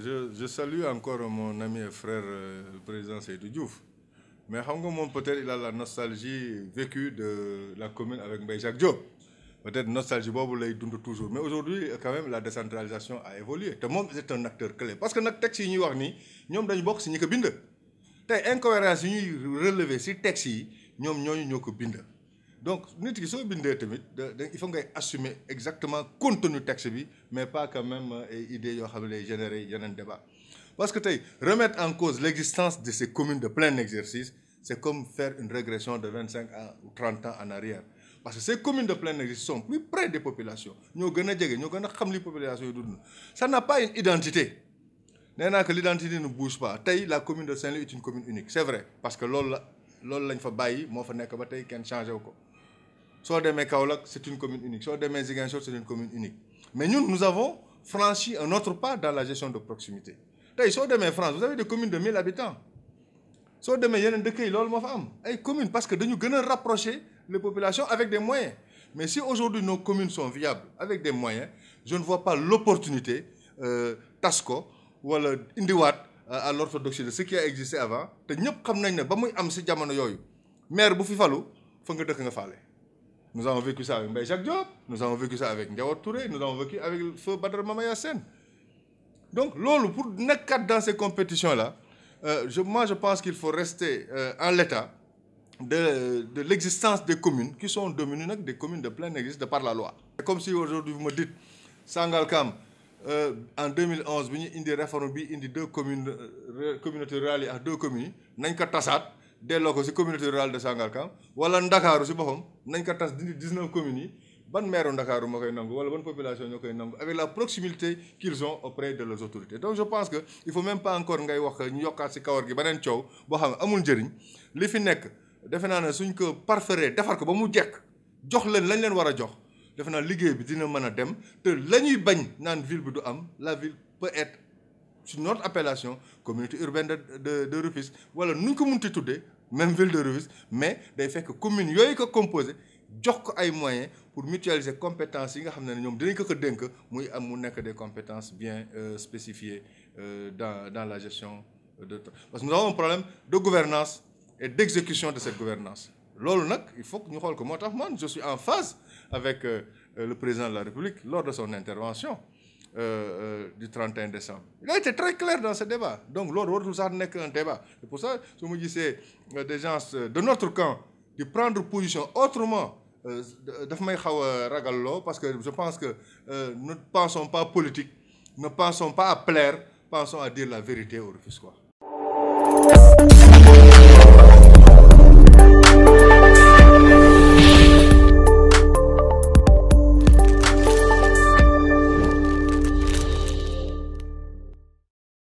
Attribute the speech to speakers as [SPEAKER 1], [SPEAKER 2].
[SPEAKER 1] je, salue encore mon ami et frère, le euh, président Seydou Diouf. Mais peut-être, il a la nostalgie vécue de la commune avec Jacques Peut-être nostalgie Bob toujours. Mais aujourd'hui, quand même, la décentralisation a évolué. c'est le un acteur clé. Parce que notre nous dit, donc nit ki soo bindee tamit il faut assumer exactement contenu texte bi mais pas quand même euh, ay idées yoo générer yeneen débat parce que tey remettre en cause l'existence de ces communes de plein exercice c'est comme faire une régression de 25 ou 30 ans en arrière parce que ces communes de plein exercice sont plus près des populations ñoo gën a jege ñoo xam population ça n'a pas une identité l'identité ne bouge pas tey la commune de Saint-Louis est une commune unique c'est vrai parce que loolu la loolu lañ fa bàyyi moo fa nekk ba tey kenn changé Soit des Kaolack c'est une commune unique Soit des Ziguinchor c'est une commune unique mais nous, nous avons franchi un autre pas dans la gestion de proximité Soit des France vous avez des communes de 1000 habitants Soit des yeneen de y a des communes parce que nous voulons rapprocher les populations avec des moyens mais si aujourd'hui nos communes sont viables avec des moyens je ne vois pas l'opportunité euh, Tasco ou wala euh, à l'orthodoxie de ce qui a existé avant te ñëpp xam nañ ne ba si vous avez maire bu fi falu fa nga nous avons vécu ça avec Mbaye Jacques Diop, nous avons vécu ça avec Ndiawar Touré, nous avons vécu avec le feu Badr Mamayasen. Sen. Donc, lolo, pour être dans ces compétitions-là, euh, je, moi je pense qu'il faut rester euh, en l'état de, de l'existence des communes qui sont dominées des communes de plein exercice de par la loi. Comme si aujourd'hui vous me dites, Sangalkam, euh, en 2011, nous avons une réforme, une deux communes, euh, communautés rurales à deux communes, quatre avons delloo ko si communauté rurale de Sangalkam wala ndakaaru si boppam nañ ko tas dindi dix-neuf communes yi ban maire ndakaaru moo koy nangu wala ban population ñoo koy nangu avec la proximité qu'ils ont auprès de leurs autorités donc je pense que il faut même pas encore ngay wax ñu yokkaat si kawar gi beneen coow boo xam ne amul njëriñ li fi nekk defe naa ne suñ ko parfaire defar ko ba mu jekk jox leen lañ leen war a jox defe naa liggéey bi dina mën a dem te la ñuy bañ naan ville bi du am la ville peut être une notre appellation communauté urbaine de de de Rufisque wala nous ñu ko même ville de Rufisque mais day que commune yooyu ko composé jox ko ay moyens pour mutualiser compétences yi nga a des compétences bien euh, spécifiées euh, dans la gestion de parce que nous avons un problème de gouvernance et d'exécution de cette gouvernance Lors il faut que nous voyons ko je suis en phase avec euh, le président de la République lors de son intervention euh, euh, du 31 décembre. Il a été très clair dans ce débat. Donc, l'autre, ça n'est qu'un débat. C'est pour ça, que je vous disais, euh, des gens de notre camp de prendre position autrement, parce que je pense que nous ne pensons pas politique, ne pensons pas à plaire, pensons à dire la vérité au refus.